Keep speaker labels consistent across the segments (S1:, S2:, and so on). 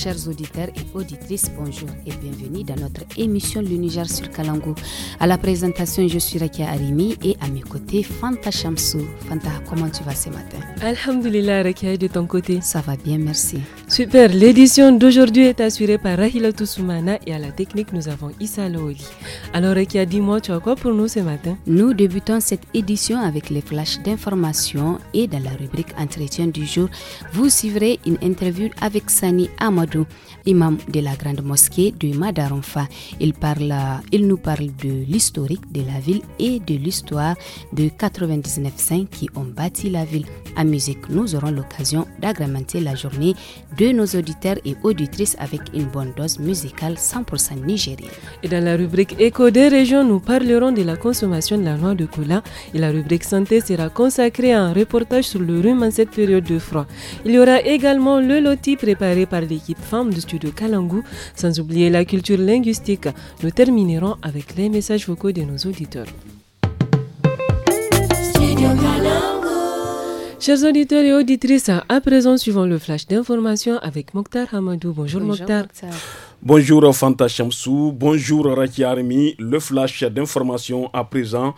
S1: chers auditeurs et auditrices, bonjour et bienvenue dans notre émission L'Univers sur Kalango. À la présentation, je suis Rakia Arimi et à mes côtés,
S2: Fanta Chamsou. Fanta, comment tu vas ce matin Alhamdulillah, Rakia, de ton côté Ça va bien, merci. Super, l'édition d'aujourd'hui est assurée par Rahila Toussoumana et à la technique nous avons Issa Laoli. Alors Rekia, dis-moi, tu as quoi pour nous ce matin Nous débutons cette
S1: édition avec les flashs d'information et dans la rubrique entretien du jour, vous suivrez une interview avec Sani Amadou, imam de la grande mosquée de Madaronfa. Il, parle, il nous parle de l'historique de la ville et de l'histoire de 99 saints qui ont bâti la ville. À musique, nous aurons l'occasion d'agrémenter la
S2: journée de nos auditeurs et auditrices avec une bonne dose musicale 100% nigérienne. Et dans la rubrique Éco des régions, nous parlerons de la consommation de la noix de cola et la rubrique Santé sera consacrée à un reportage sur le rhume en cette période de froid. Il y aura également le loti préparé par l'équipe femme du studio Kalangu, sans oublier la culture linguistique. Nous terminerons avec les messages vocaux de nos auditeurs. Chers auditeurs et auditrices, à présent, suivons le flash d'information avec Mokhtar Hamadou. Bonjour, Mokhtar.
S3: Bonjour Fanta Chamsou, bonjour Raki Armi. Le flash d'information à présent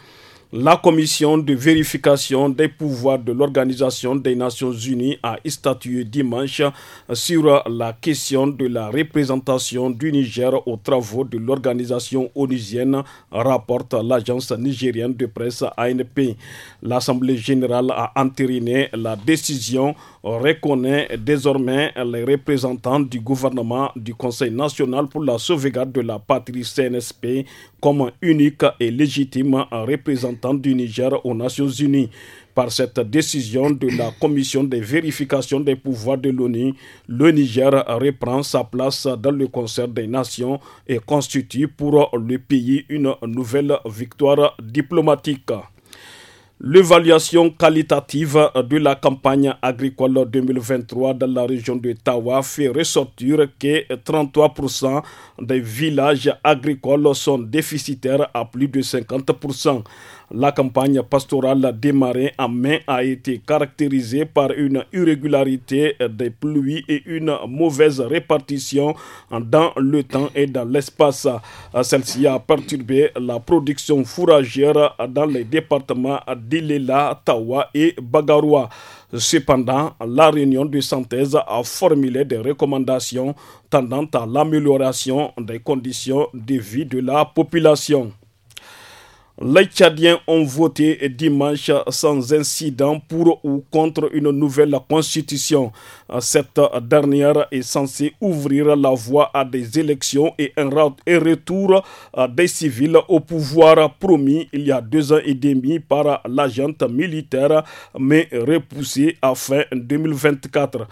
S3: la commission de vérification des pouvoirs de l'Organisation des Nations Unies a statué dimanche sur la question de la représentation du Niger aux travaux de l'organisation onusienne, rapporte l'agence nigérienne de presse ANP. L'Assemblée générale a entériné la décision reconnaît désormais les représentants du gouvernement du Conseil national pour la sauvegarde de la patrie CNSP comme unique et légitime représentant du Niger aux Nations Unies. Par cette décision de la Commission de vérification des pouvoirs de l'ONU, le Niger reprend sa place dans le concert des nations et constitue pour le pays une nouvelle victoire diplomatique. L'évaluation qualitative de la campagne agricole 2023 dans la région de Tawa fait ressortir que 33% des villages agricoles sont déficitaires à plus de 50%. La campagne pastorale démarrée en mai a été caractérisée par une irrégularité des pluies et une mauvaise répartition dans le temps et dans l'espace. Celle-ci a perturbé la production fourragère dans les départements d'Ilela, Tawa et Bagaroua. Cependant, la réunion de synthèse a formulé des recommandations tendant à l'amélioration des conditions de vie de la population. Les Tchadiens ont voté dimanche sans incident pour ou contre une nouvelle constitution. Cette dernière est censée ouvrir la voie à des élections et un retour des civils au pouvoir promis il y a deux ans et demi par l'agente militaire, mais repoussé à fin 2024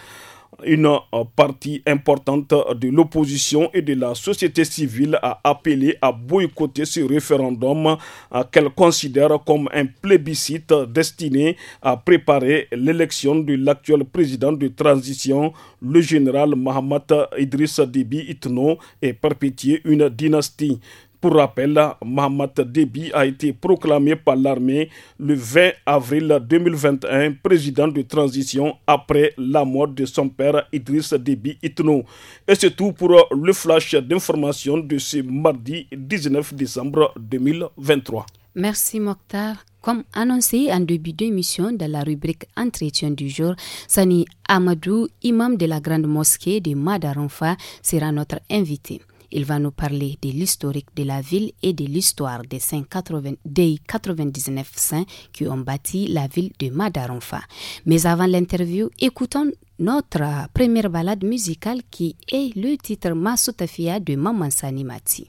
S3: une euh, partie importante de l'opposition et de la société civile a appelé à boycotter ce référendum euh, qu'elle considère comme un plébiscite destiné à préparer l'élection de l'actuel président de transition, le général Mohamed Idriss Déby Itno, et perpétuer une dynastie. Pour rappel, Mohamed Déby a été proclamé par l'armée le 20 avril 2021 président de transition après la mort de son père Idriss Déby Itno. Et c'est tout pour le flash d'information de ce mardi 19 décembre 2023.
S1: Merci Mokhtar. Comme annoncé en début d'émission dans la rubrique Entretien du jour, Sani Amadou, imam de la grande mosquée de Madaronfa, sera notre invité. Il va nous parler de l'historique de la ville et de l'histoire des, 99 saints qui ont bâti la ville de Madaronfa. Mais avant l'interview, écoutons notre première balade musicale qui est le titre Masutafia de Mamansani Mati.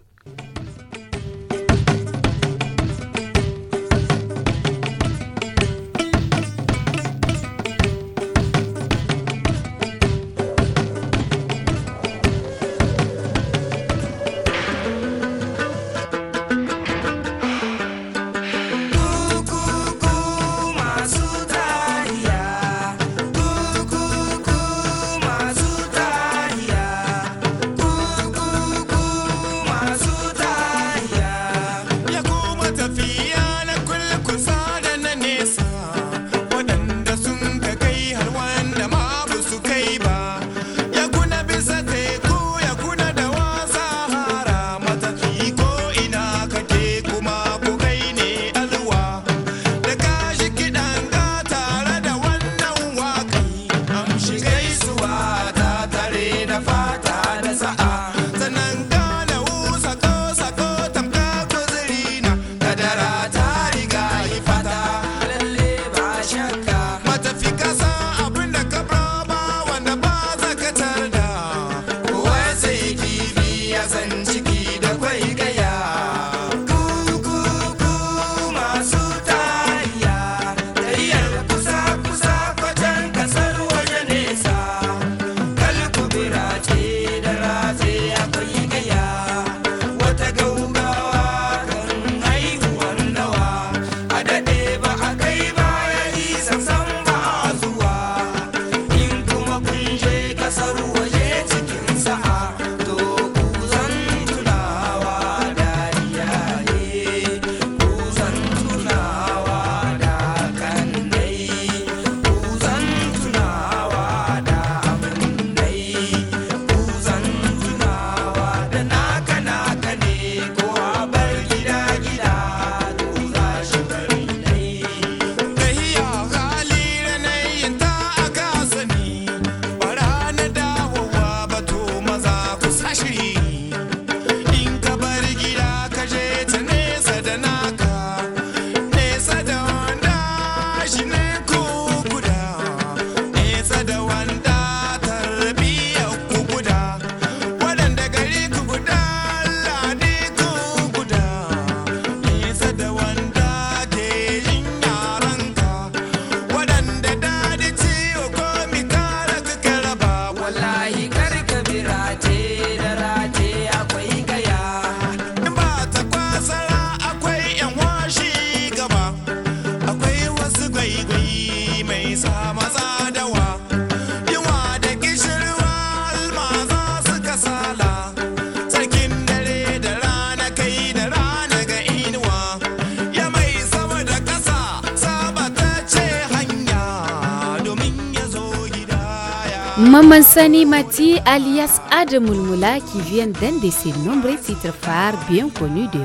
S1: Maman Sani Mati alias Ademoulmoula, qui vient d'un de ses nombreux titres phares bien connus de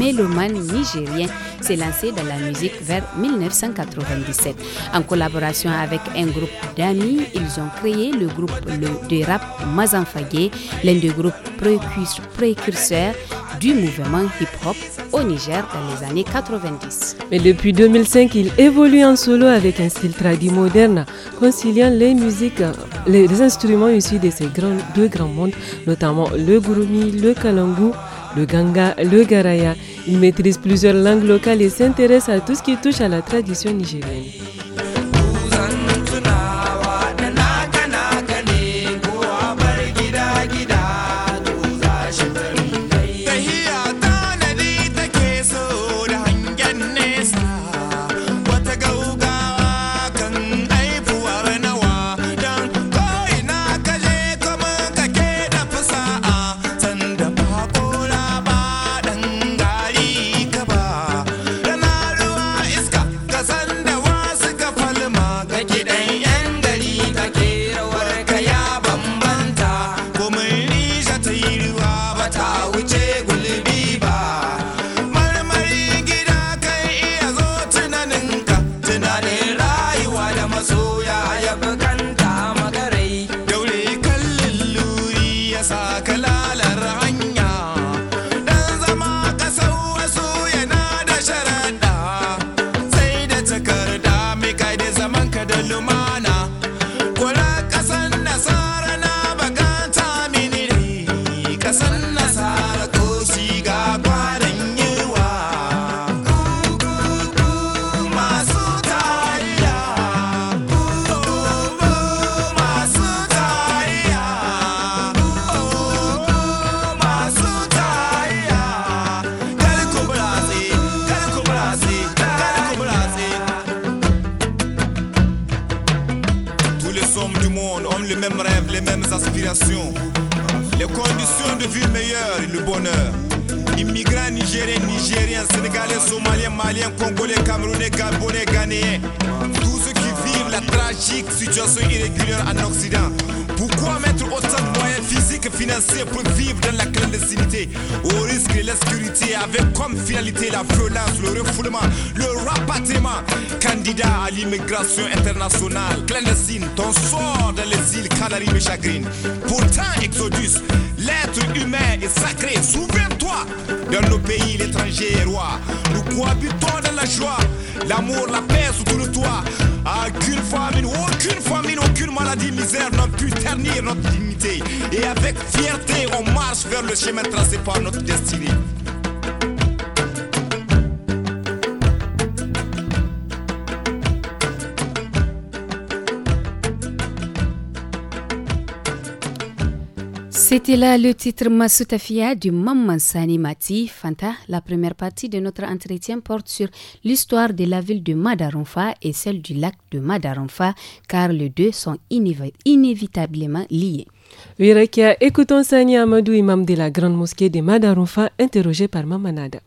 S1: mélomanes nigériens s'est lancé dans la musique vers 1997. En collaboration avec un groupe d'amis, ils ont créé le groupe de rap Mazanfagé, l'un des groupes précurseurs
S2: du mouvement hip-hop au Niger dans les années 90. Mais depuis 2005, il évolue en solo avec un style tradit moderne, conciliant les musiques, les instruments issus de ces deux grands mondes, notamment le gouroumi, le kalangu, le ganga, le garaya. Il maîtrise plusieurs langues locales et s'intéresse à tout ce qui touche à la tradition nigérienne.
S1: C'était là le titre Masutafia du Maman Sani Mati. Fanta, la première partie de notre entretien porte sur l'histoire de la ville de Madaronfa et celle du lac de Madaronfa, car les deux sont inévitablement
S2: liés. Oui, écoutons Sani Amadou, imam de la grande mosquée de Madaronfa, interrogé par Mamanada.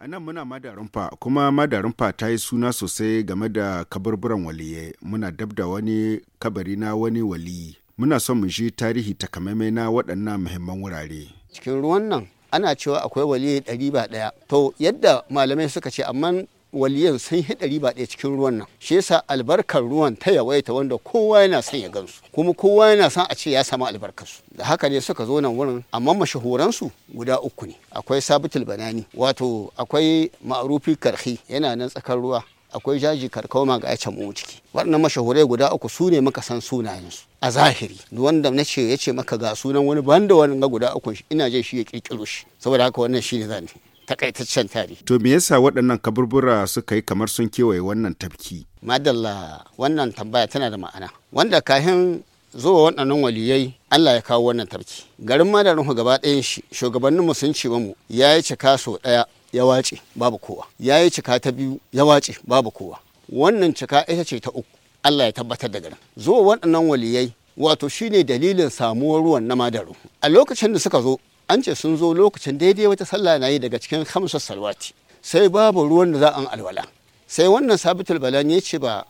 S4: A muna madarumfa kuma madarumfa ta yi suna sosai game da kaburburan waliye muna dab wani kabari na wani waliyi muna son mu ji tarihi takamaimai na waɗannan muhimman wurare.
S5: Cikin ruwan nan ana cewa akwai waliyai ɗari ba ɗaya. To yadda malamai suka ce amma waliyan sun yi ɗari ba ɗaya cikin ruwan nan shi yasa albarkar ruwan ta yawaita wanda kowa yana son ya gansu kuma kowa yana son a ce ya samu albarkarsu da haka ne suka zo nan wurin amma mashahuransu guda uku ne akwai sabitul banani wato akwai ma'arufi karhi yana nan tsakar ruwa akwai jaji karkauma ga yace mu ciki waɗannan mashahurai guda uku su ne maka san sunayensu a zahiri wanda na ce yace maka ga sunan wani banda wani ga guda uku ina jin shi ya kirkiro shi saboda haka wannan shi ne zan takaitaccen tarihi
S4: to me yasa waɗannan kaburbura suka yi kamar sun kewaye
S5: wannan tafki madalla wannan tambaya tana da ma'ana wanda kahin zuwa waɗannan waliyai Allah ya kawo wannan tafki garin madarin gaba ɗayan shi shugabanninmu sun ce mu ya yi cika sau ɗaya ya wace babu kowa ya yi cika ta biyu ya wace babu kowa wannan cika ita ce ta uku Allah ya tabbatar da garin zuwa waɗannan waliyai wato shine dalilin samuwar ruwan na madaru a lokacin da suka zo an ce sun zo lokacin daidai wata sallah na yi daga cikin hamsar salwati sai babu ruwan da za an alwala sai wannan sabitul balan ya ce ba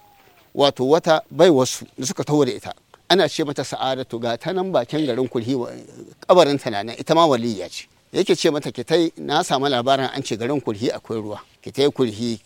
S5: wato wata bai wasu da suka taho da ita ana ce mata sa'adatu ga ta nan bakin garin kulhi kabarin ta ita ma waliyya ce yake ce mata ki tai na samu labarin an ce garin kurhi akwai ruwa ki tai kurhi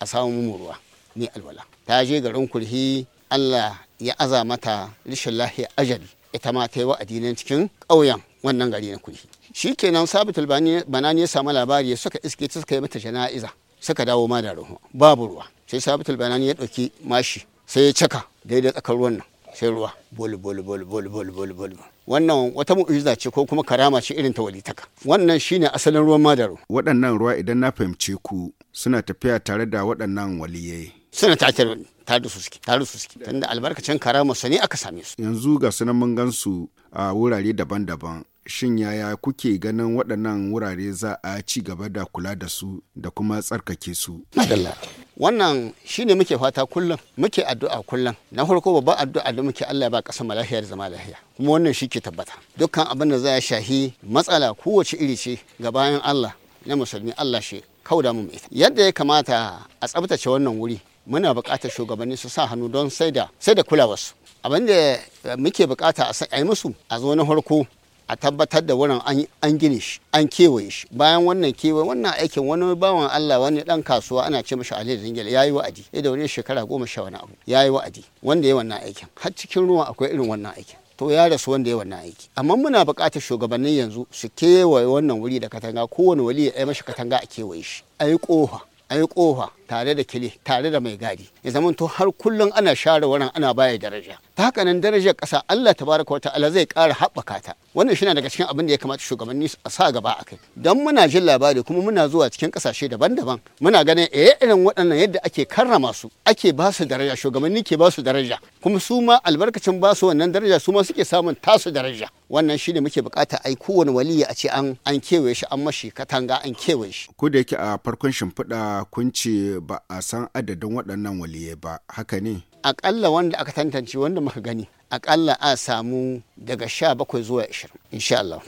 S5: a samu mu ruwa ni alwala ta je garin kurhi Allah ya aza mata rishin lahiya ajali ita ma ta yi wa'adi ne cikin ƙauyen wannan gari na kurhi shi kenan sabitul banani ya samu labari suka iske ta suka yi mata jana'iza suka dawo ma da ruwa babu ruwa sai sabitul banani ya ɗauki mashi sai ya caka daidai tsakar ruwan nan sai ruwa boli boli boli boli boli boli boli wannan wata mu'ujiza ce ko kuma karama ce irin ta walitaka wannan shine
S4: asalin ruwan madaro waɗannan ruwa idan na fahimce ku suna tafiya tare da waɗannan waliyai
S5: suna tatar tare su suke tare su suke tunda albarkacin karama su ne aka same su yanzu ga
S4: sunan mun gan su a wurare daban-daban shin yaya kuke ganin waɗannan wurare za a ci gaba da kula da su da kuma tsarkake su madalla
S5: wannan shi ne muke fata kullum muke addu'a kullum na farko babban addu'a da muke Allah ya ba kasa lafiya da zama lafiya kuma wannan shi ke tabbata dukkan abin da za ya shahi matsala kowace iri ce ga bayan Allah na musulmi Allah shi kauda mu ita yadda ya kamata a tsabtace wannan wuri muna buƙatar shugabanni su sa hannu don sai da sai da kulawarsu abin da muke buƙata a yi musu a zo na farko a tabbatar da wurin an gine shi an kewaye shi bayan wannan kewaye wannan aikin wani bawan Allah wani dan kasuwa ana ce mashi Ali Dingel yayi wa'adi ya da wani shekara goma sha wani abu yayi wa'adi wanda ya wannan aikin har cikin ruwa akwai irin wannan aikin to ya rasu wanda ya wannan aiki amma muna buƙatar shugabannin yanzu su kewaye wannan wuri da katanga kowane wali ya yi mashi katanga a kewaye shi a yi ƙofa a yi ƙofa tare da kile tare da mai gadi ya zama to har kullum ana share wannan ana baya daraja ta haka nan darajar ƙasa Allah tabaraka wa ta'ala zai ƙara haɓaka ta wannan shi daga cikin abin da ya kamata shugabanni a sa gaba a kai don muna jin labari kuma muna zuwa cikin ƙasashe daban-daban muna ganin eh irin waɗannan yadda ake karrama su ake ba su daraja shugabanni ke ba su daraja kuma su ma albarkacin ba su wannan daraja su ma suke samun tasu daraja wannan shi ne muke bukata ai kowane waliyi a ce an kewaye shi an mashi katanga an kewaye shi
S4: ko da yake a farkon shimfiɗa kun ce ba a san adadin
S5: waɗannan waliyai ba haka ne aƙalla wanda aka tantance wanda muka gani aƙalla a samu daga sha bakwai zuwa ashirin insha Allah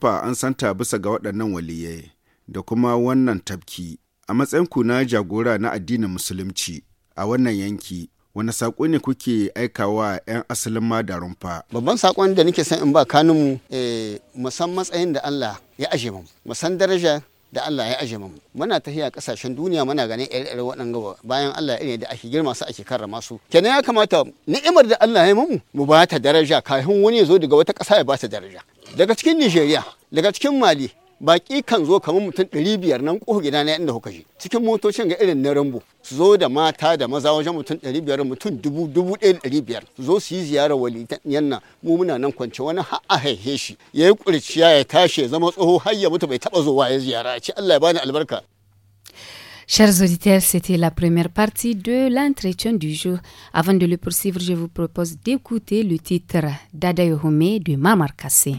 S4: fa an santa bisa ga waɗannan waliyai da kuma wannan tafki a matsayin na jagora na addinin musulunci a wannan yanki wani saƙo ne kuke aikawa 'yan asalin fa
S5: babban saƙon da nake san in ba kanunmu eh, mu san da Allah ya aje mu mu san daraja da Allah ya aje mu muna tafiya kasashen duniya muna ganin ire-ire waɗanga bayan Allah ne da ake girma su ake karrama su kenan ya kamata ni'imar da Allah ya mu mu ba ta daraja kafin wani ya zo daga wata ƙasa ya ba ta daraja daga cikin Nigeria daga cikin Mali baki kan zo kamar mutum ɗari biyar nan ko gida na inda kuka shi cikin motocin ga irin na rambo su zo da mata da maza wajen mutum ɗari biyar mutum dubu dubu ɗaya ɗari biyar su zo su yi ziyarar walitan yanna mu muna nan kwance wani har a haihe shi ya yi ƙurciya ya tashi ya zama tsoho har ya mutu bai taɓa zuwa ya ziyara a ce Allah ya bani albarka.
S1: Chers auditeurs, c'était la première partie de l'entretien du jour. Avant de le poursuivre, je vous propose d'écouter le titre d'Adayohome de Mamar Kassé.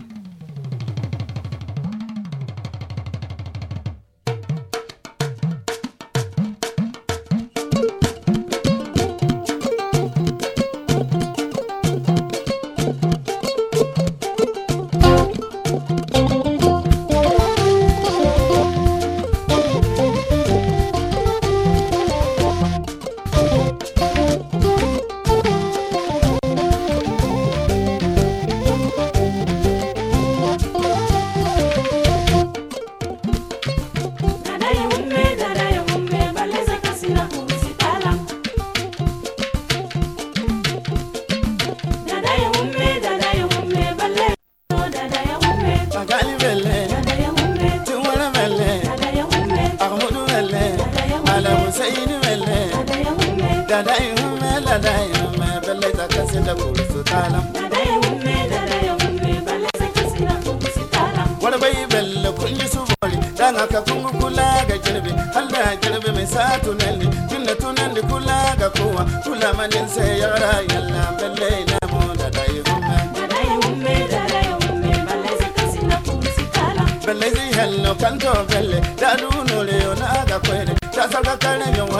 S6: ga kungu kula ga jirbi Allah jirbi mai sa tunalli tunna tunalli kula ga kowa kula manin sai ya rayu Allah balle na mu da dai umme da dai umme da dai umme balle sai kasina kumsi kala balle sai hello kanto balle da dunure na ga kwere ta saka kare yawa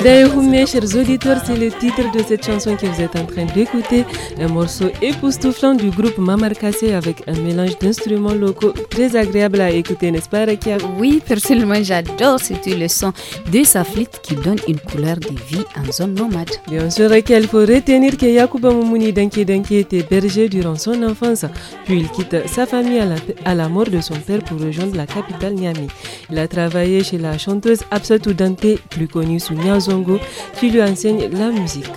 S2: mes chers auditeurs, c'est le titre de cette chanson que vous êtes en train d'écouter. Un morceau époustouflant du groupe Mamar Kassé avec un mélange d'instruments locaux très agréable à écouter, n'est-ce pas, Rakia Oui, personnellement, j'adore. C'est le son de sa flûte qui donne une couleur de vie en zone nomade. Bien sûr, Rakia, il faut retenir que Yakuba Moumouni était berger durant son enfance. Puis il quitte sa famille à la, à la mort de son père pour rejoindre la capitale Niamey. Il a travaillé chez la chanteuse Absatou Dante, plus connue sous Zongo, qui lui enseigne la musique.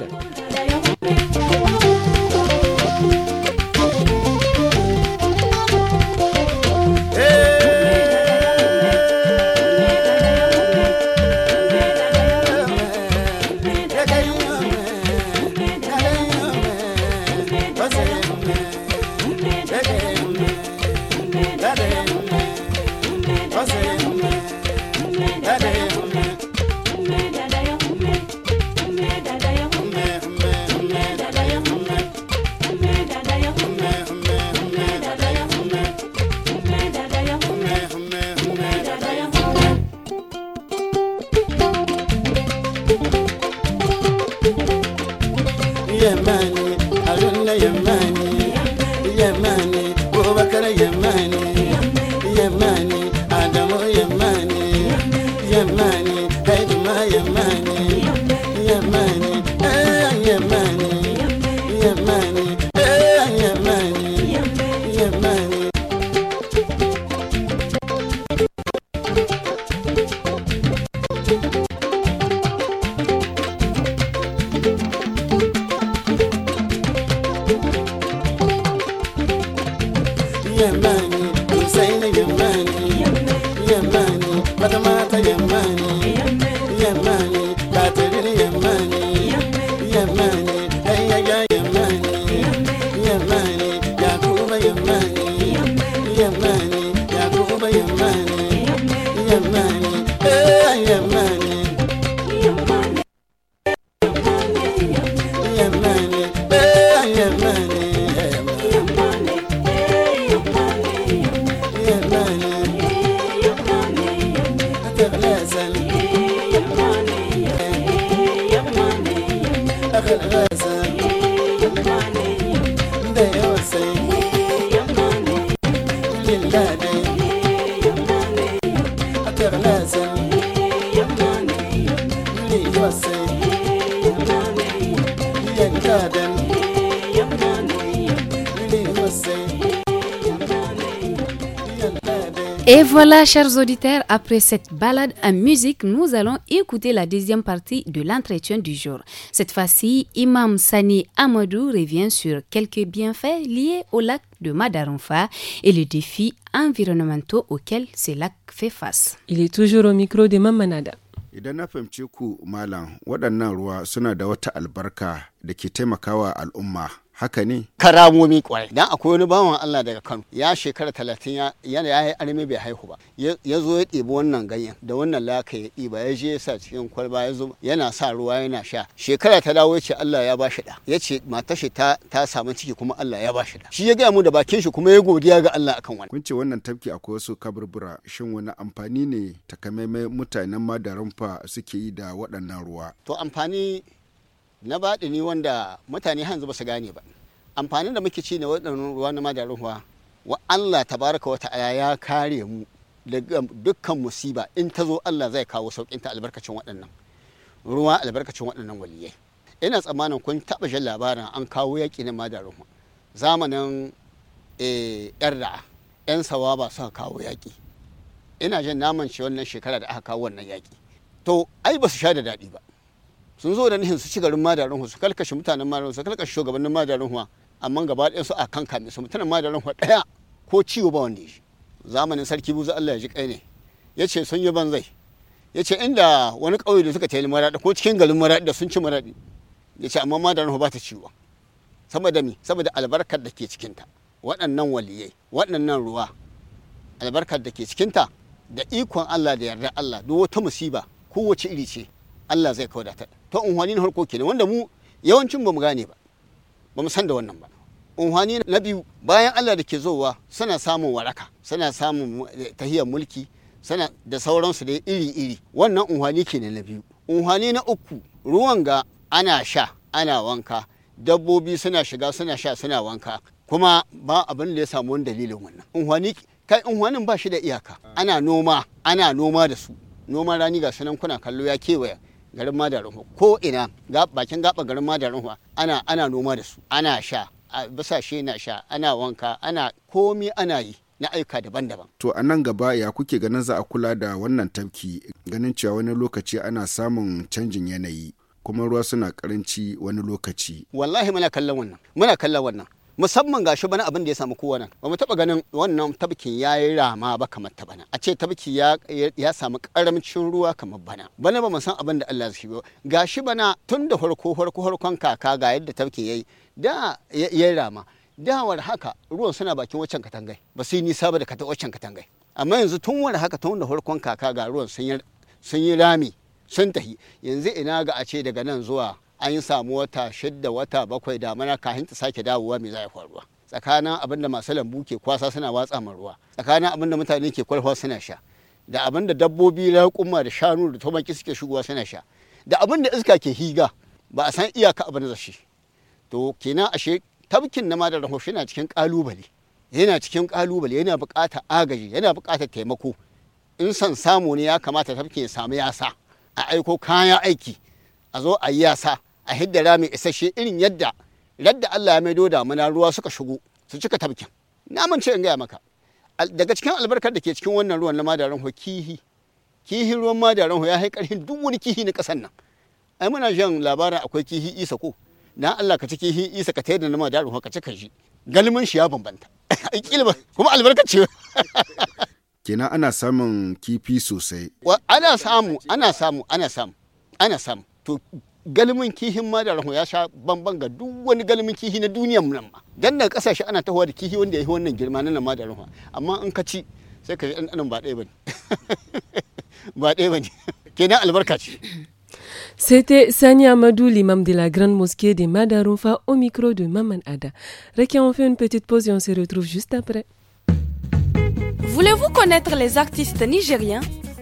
S1: voilà, chers auditeurs, après cette balade en musique, nous allons écouter la deuxième partie de l'entretien du jour. Cette fois-ci, Imam Sani Amadou revient sur quelques bienfaits liés au lac de Madaronfa et les défis environnementaux auxquels ce lac fait face. Il est toujours au
S2: micro de Mamanada.
S4: Idan na haka ne
S5: karamomi kwarai dan akwai wani bawan Allah daga Kano ya shekara talatin ya ya yi arme bai haihu ba ya zo ya ɗebi wannan ganyen da wannan laka ya ɗiba ya je ya sa cikin kwalba ya zo yana sa ruwa yana sha shekara ta dawo ya ce Allah ya ba da ya ce matar shi ta ta samu ciki kuma Allah ya ba da shi ya gaya mu da bakin shi kuma
S4: ya godiya ga Allah akan wannan kun ce wannan tafki akwai wasu kaburbura shin wani amfani ne takamaimai
S5: mutanen madaran fa suke yi da waɗannan ruwa to amfani na baɗi ni wanda mutane hanzu ba su gane ba amfanin da muke ci ne waɗannan ruwa na madarin ruwa wa Allah tabaraka wa ta'ala ya kare mu daga dukkan musiba in ta zo Allah zai kawo sauƙin ta albarkacin waɗannan ruwa albarkacin waɗannan waliyai ina tsammanin kun taɓa jin labarin an kawo yaƙi na madarin ruwa zamanin yar eh, da'a yan ba suka kawo yaƙi ina jin naman shi wannan shekara da aka kawo wannan yaƙi to ai ba su sha da daɗi ba sun zo da nihin su ci garin madarin su kalkashe mutanen madarin su kalkashe shugabannin madarin huwa amma gaba ɗaya su a kan kame su mutanen madarin huwa ɗaya ko ciwo ba wanda shi zamanin sarki buzu Allah ya ji kai ne ya ce sun yi banzai ya ce inda wani ƙauye da suka tayi maraɗi ko cikin garin maraɗi da sun ci maraɗi ya ce amma madarin huwa ba ta ciwo saboda mi saboda albarkar da ke cikinta waɗannan waliyai waɗannan ruwa albarkar da ke cikinta da ikon Allah da yarda Allah duk wata musiba kowace iri ce Allah zai kauda ta to unhwani na harko kenan wanda mu yawancin bamu gane ba bamu san da wannan ba unhwani na biyu bayan Allah da ke zowa suna samun waraka suna samun eh, tahiyar mulki sana da sauransu da iri-iri wannan unhwani kenan na biyu unhwani na uku ruwan ga ana sha ana wanka dabbobi suna shiga suna sha suna wanka kuma ba abin da ya samu wani dalilin wannan unhwani kai unhwanin ba shi da iyaka ana noma ana noma da su noman rani ga sanan kuna kallo ya kewaya garin madarin ko ina bakin gaba garin madarin ana ana noma da su ana sha a shi na sha ana wanka ana komi ana yi na aika daban-daban.
S4: To a nan gaba ya kuke ganin za a kula da wannan tafki ganin cewa wani lokaci ana samun canjin yanayi kuma ruwa suna karanci wani lokaci.
S5: Wallahi muna kallon wannan muna kallon wannan musamman gashi bana abin da ya samu kowa nan ba mu taba ganin wannan tabkin ya yi rama ba kamar ta bana a ce tabki ya ya samu karamcin ruwa kamar bana bana ba mu san abin da Allah zai ba gashi bana tun da farko farko farkon kaka ga yadda ya yi, da ya yi rama dawar haka ruwan suna bakin waccan katangai ba su yi nisa ba da kata waccan katangai amma yanzu tun wani haka tun da farkon kaka ga ruwan sun yi rami sun tahi yanzu ina ga a ce daga nan zuwa an samu wata shidda wata bakwai da damana kafin ta sake dawowa mai za a faruwa tsakanin abin da masu lambu ke kwasa suna watsa ma ruwa tsakanin abin da mutane ke kwalfa suna sha da abin da dabbobi kuma da shanu da tumaki suke shigowa suna sha da abin da iska ke higa ba a san iyaka abin da shi to kenan ashe tabkin na da hoshi yana cikin kalubale yana cikin kalubale yana bukata agaji yana buƙatar taimako in san samu ne ya kamata tafkin ya samu yasa a aiko kayan aiki a zo a yi yasa a hidda rami isasshe irin yadda radda Allah ya maido damuna ruwa suka shigo su cika tabkin na amince in gaya maka daga cikin albarkar da ke cikin wannan ruwan na madaran ho kihi kihi ruwan madaran ho ya hai karhin duk wani kihi na kasan nan ai muna jin labarin akwai kihi isa ko na Allah ka ci kihi isa ka taida na madaran ho ka cika shi galmin shi ya bambanta kuma albarkace
S4: kenan ana samun kifi sosai
S5: ana samu ana samu ana samu ana samu to galmin kihin ma da rahu ya sha bamban ga duk wani galmin kihi na duniyan nan ma dan daga kasashe ana tahowa da kihi wanda ya yi wannan girma nan ma da rahu amma in ka ci sai ka ji ɗanɗanon ba ɗaya bane ba ɗaya bane kenan albarka ce
S2: C'était Sani Amadou, l'imam de la grande mosquée de Madaroufa, au micro de Maman Ada. Rekia, on fait une petite pause et on se retrouve juste après. Voulez-vous connaître les artistes nigériens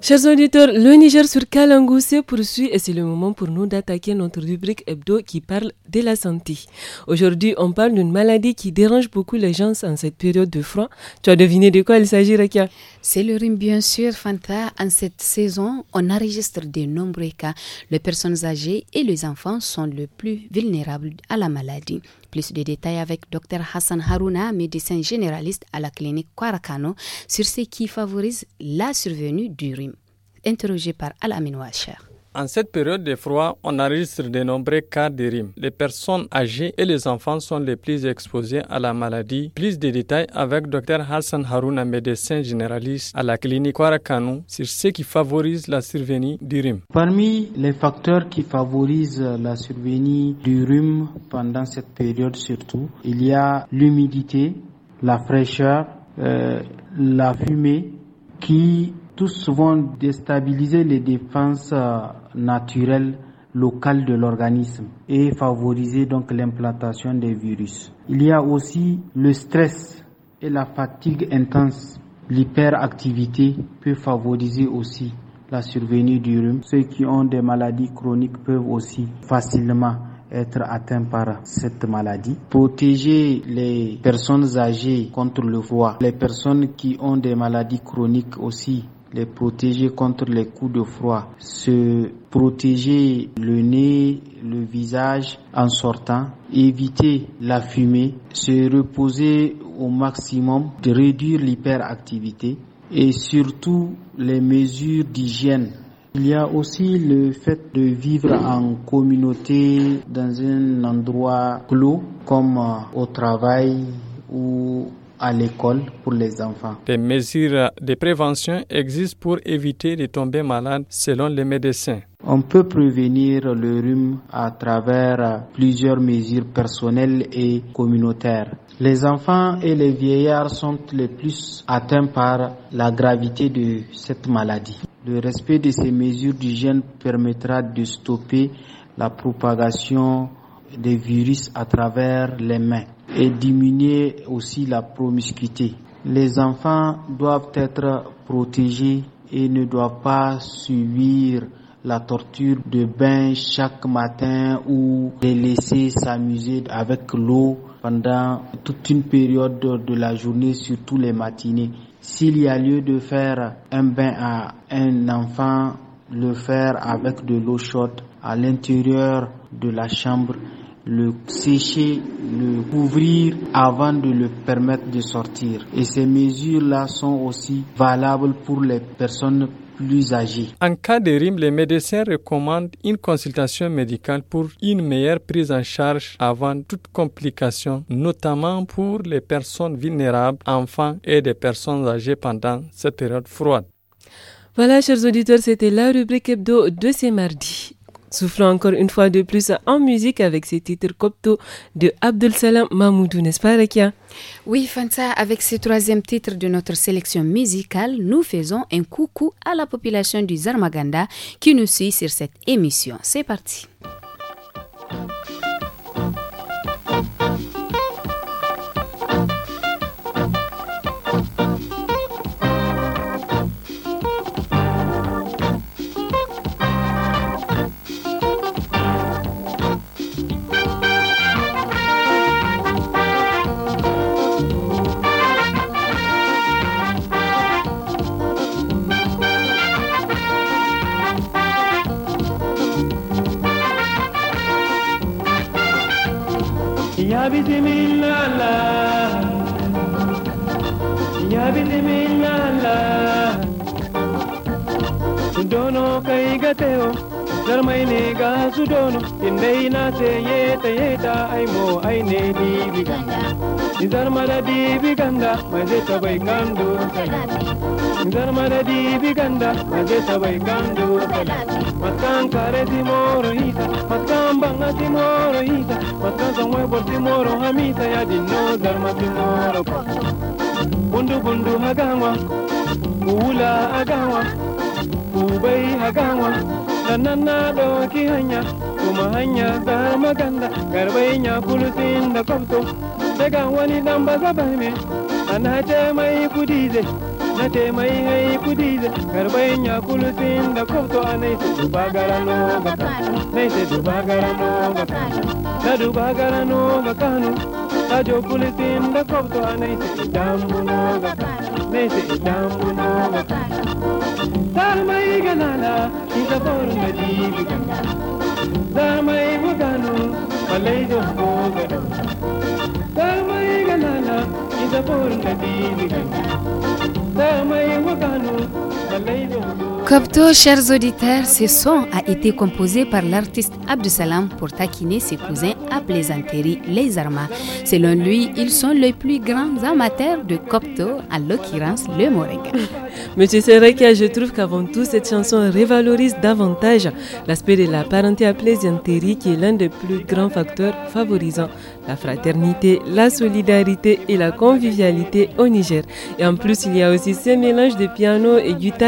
S2: Chers auditeurs, le Niger sur Kalangou se poursuit et c'est le moment pour nous d'attaquer notre rubrique hebdo qui parle de la santé. Aujourd'hui, on parle d'une maladie qui dérange beaucoup les gens en cette période de froid. Tu as deviné de quoi il s'agit, Rekia C'est le rhume, bien sûr, Fanta. En cette saison,
S1: on enregistre de nombreux cas. Les personnes âgées et les enfants sont les plus vulnérables à la maladie. Plus de détails avec Dr Hassan Haruna, médecin généraliste à la clinique Kwarakano, sur ce qui favorise la survenue du rhume. Interrogé par Al-Amin
S7: en cette période de froid, on enregistre de nombreux cas de rhume. Les personnes âgées et les enfants sont les plus exposés à la maladie. Plus de détails avec Dr Hassan Harouna, médecin généraliste à la clinique Ouarakanu, sur ce qui favorise la
S8: survenue du rhume. Parmi les facteurs qui favorisent la survenue du rhume pendant cette période surtout, il y a l'humidité, la fraîcheur, euh, la fumée qui tous vont déstabiliser les défenses euh, naturelles locales de l'organisme et favoriser donc l'implantation des virus. Il y a aussi le stress et la fatigue intense. L'hyperactivité peut favoriser aussi la survenue du rhume. Ceux qui ont des maladies chroniques peuvent aussi facilement être atteints par cette maladie. Protéger les personnes âgées contre le voie. Les personnes qui ont des maladies chroniques aussi les protéger contre les coups de froid, se protéger le nez, le visage en sortant, éviter la fumée, se reposer au maximum, de réduire l'hyperactivité et surtout les mesures d'hygiène il y a aussi le fait de vivre en communauté dans un endroit clos comme euh, au travail ou à l'école pour les enfants.
S7: Des mesures de prévention existent pour éviter de tomber malade selon les médecins.
S8: On peut prévenir le rhume à travers plusieurs mesures personnelles et communautaires. Les enfants et les vieillards sont les plus atteints par la gravité de cette maladie. Le respect de ces mesures d'hygiène permettra de stopper la propagation des virus à travers les mains et diminuer aussi la promiscuité. Les enfants doivent être protégés et ne doivent pas subir la torture de bain chaque matin ou les laisser s'amuser avec l'eau pendant toute une période de la journée, surtout les matinées. S'il y a lieu de faire un bain à un enfant, le faire avec de l'eau chaude à l'intérieur de la chambre le sécher, le couvrir avant de le permettre de sortir. Et ces mesures-là sont aussi valables pour les personnes plus âgées. En
S7: cas de rime, les médecins recommandent une consultation médicale pour une meilleure prise en charge avant toute complication, notamment pour les personnes vulnérables, enfants et des personnes âgées pendant cette période froide.
S2: Voilà, chers auditeurs, c'était la rubrique hebdo de ce mardi. Soufflons encore une fois de plus en musique avec ce titres Copto de Abdel Salam Mamoudou, n'est-ce pas Rekia Oui, Fanta, avec ce
S1: troisième titre de notre sélection musicale, nous faisons un coucou à la population du Zarmaganda qui nous suit sur cette émission. C'est parti.
S7: بسم الله الله يا بسم الله الله dono kai gateo darmai ne ga su dono indai na se yeta yeta ai mo ai ne dibi ganda ni darma da dibi ganda mai zai ta bai kando salami Garmada di biganda, magesa bai kandu kala. Matan kare di moro hita, matan banga di moro hita, matan zamwe bor di moro hamita ya di no garma di moro pa. Bundu bundu hagawa, ula agawa, ubai hagawa, nanana doki hanya, kuma hanya da ganda, garbai nya pulutin da kwabto. Daga wani namba ba zaba ne, mai kudi na mai ngai kudiza garbai nya kulutin da kofto anai duba garano ga kanu nai te duba garano ga kanu da duba garano ga nu da jo kulutin da kofto anai se no ga kanu nai se no ga kanu sarmai ganala ita borun da dibi sarmai bugano malai jo ko bugano sarmai ganala ita borun da dibi Tama e wakanu
S1: Copto, chers auditeurs, ce son a été composé par l'artiste Abdusalam pour taquiner ses cousins à plaisanterie, les Armas. Selon lui, ils sont les plus grands amateurs de Copto,
S2: à l'occurrence le Moringa. Monsieur tu je trouve qu'avant tout, cette chanson révalorise davantage l'aspect de la parenté à plaisanterie qui est l'un des plus grands facteurs favorisant la fraternité, la solidarité et la convivialité au Niger. Et en plus, il y a aussi ce mélange de piano et guitare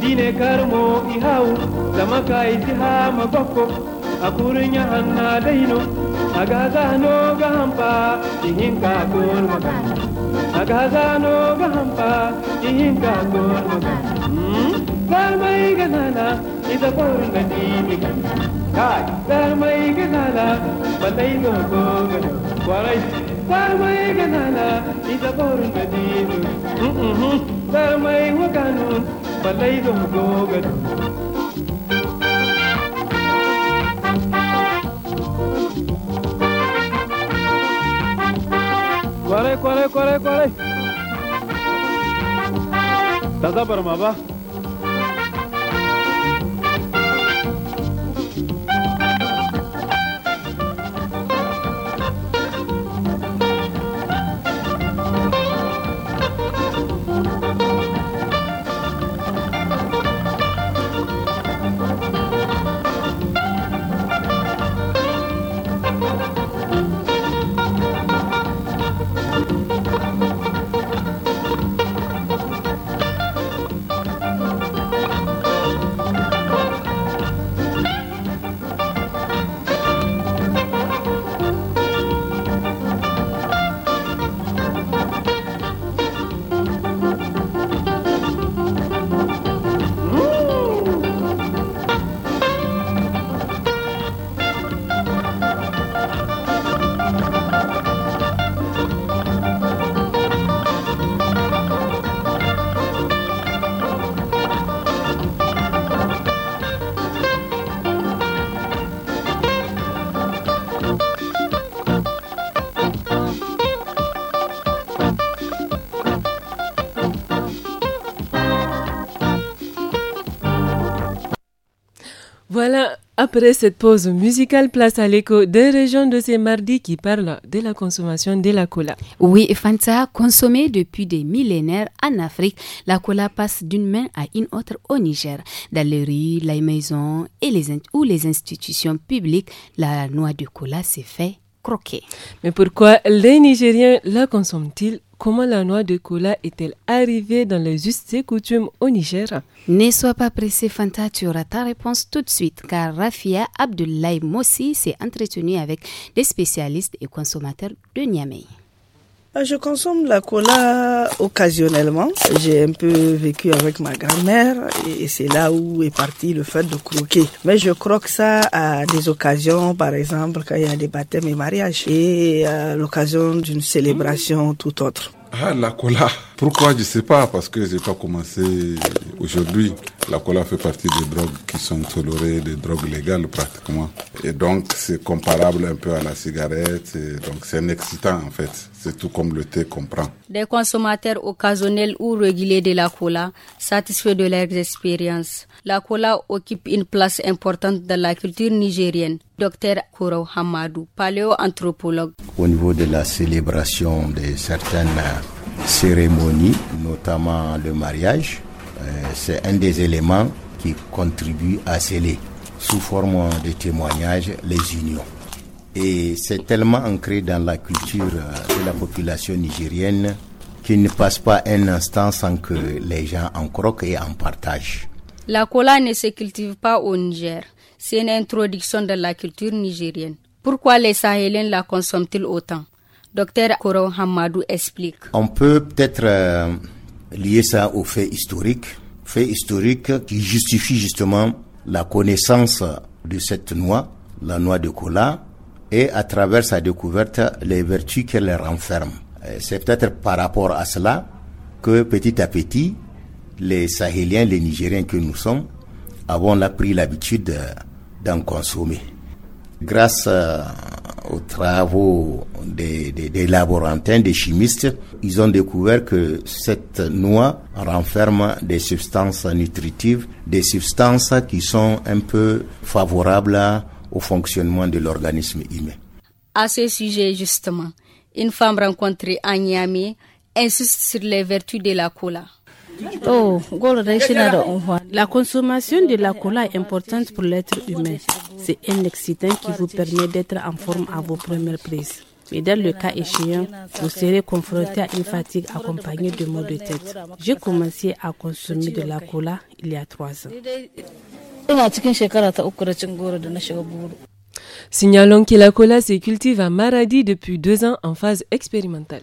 S7: dine karmo ihau zamaka itiha magoko akurinya hanna daino agaza no gahampa ihinka kor maka agaza no gahampa ihinka kor maka hmm? Darmai gazala ida porunga dinika Kai Darmai gazala batai do kogano Warai Darmai gazala ida porunga dinika hmm, hmm, Darmai wakanu فليلهم جوجل kwarai kwarai kwarai kwarai ta
S2: Après cette pause musicale, place à l'écho des régions de ces mardis qui parlent de la consommation de la cola. Oui, Fanta, consommée depuis des millénaires en Afrique,
S1: la cola passe d'une main à une autre au Niger. Dans les rues, les maisons et les, ou
S2: les institutions publiques, la noix de cola s'est fait croquer. Mais pourquoi les Nigériens la consomment-ils Comment la noix de cola est-elle arrivée dans les us coutumes au Niger Ne sois pas pressé, Fanta, tu auras ta réponse tout de suite, car
S1: Rafia Abdoulaye Mossi s'est entretenu avec des spécialistes et consommateurs de Niamey.
S9: Ah, je consomme la cola occasionnellement. J'ai un peu vécu avec ma grand-mère et c'est là où est parti le fait de croquer. Mais je croque ça à des occasions, par exemple quand il y a des baptêmes et mariages et à l'occasion d'une célébration tout autre.
S4: Ah, la cola pourquoi Je ne sais pas, parce que je n'ai pas commencé aujourd'hui. La cola fait partie des drogues qui sont tolérées, des drogues légales pratiquement. Et donc, c'est comparable un peu à la cigarette. donc, c'est un excitant
S3: en fait. C'est tout comme le thé qu'on prend.
S1: Des consommateurs occasionnels ou réguliers de la cola, satisfaits de leurs expériences. La cola occupe une place importante dans la culture nigérienne. Docteur Kourou Hamadou, paléoanthropologue.
S10: Au niveau de la célébration de certaines cérémonies, notamment le mariage. Euh, c'est un des éléments qui contribue à sceller, sous forme de témoignage, les unions. Et c'est tellement ancré dans la culture euh, de la population nigérienne qu'il ne passe pas un instant sans que les gens en croquent et en partagent.
S1: La cola ne se cultive pas au Niger. C'est une introduction de la culture nigérienne. Pourquoi les Sahéliens la consomment-ils autant Docteur Koro Hamadou explique.
S10: On peut peut-être euh, lier ça au fait historique, fait historique qui justifie justement la connaissance de cette noix, la noix de cola, et à travers sa découverte, les vertus qu'elle renferme. Euh, c'est peut-être par rapport à cela que petit à petit, les Sahéliens, les Nigériens que nous sommes, avons appris pris l'habitude euh, d'en consommer. Grâce aux travaux des, des, des, laborantins, des chimistes, ils ont découvert que cette noix renferme des substances nutritives, des substances qui sont un peu favorables au fonctionnement de l'organisme humain.
S1: À ce sujet, justement, une femme rencontrée à Niamey insiste sur les vertus de la cola. Oh, la consommation de la cola est importante pour l'être humain. C'est un excitant qui vous permet d'être en forme à vos premières prises. Mais dans le cas échéant, vous serez confronté à une fatigue accompagnée de maux de tête. J'ai commencé à
S2: consommer de la cola il y a trois
S6: ans.
S2: Signalons que la cola se cultive à Maradi depuis deux ans en phase expérimentale.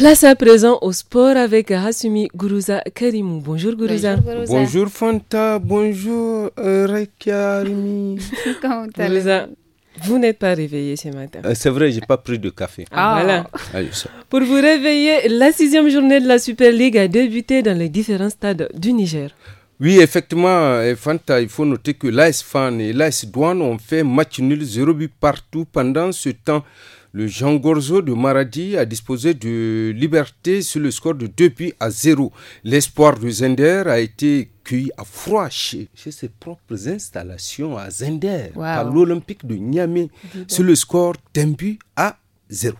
S2: Place à présent au sport avec Hasumi Gourouza Karimou. Bonjour Gourouza. Bonjour, Fanta, bonjour euh, vous n'êtes pas réveillé ce matin.
S11: Euh, c'est vrai, n'ai pas pris de café. Ah, ah. Ah,
S2: Pour vous réveiller, la sixième journée de la Super League a débuté dans les différents stades du Niger.
S11: Oui, effectivement, euh, Fanta, il faut noter que l'AS Fan et l'AS Douane ont fait match nul 0 but partout pendant ce temps le Jean Gorzo de Maradi a disposé de liberté sur le score de 2 buts à 0. L'espoir de Zender a été cueilli à froid chez, ses propres installations à Zender à par l'Olympique de Niamey sur le score d'un but à 0.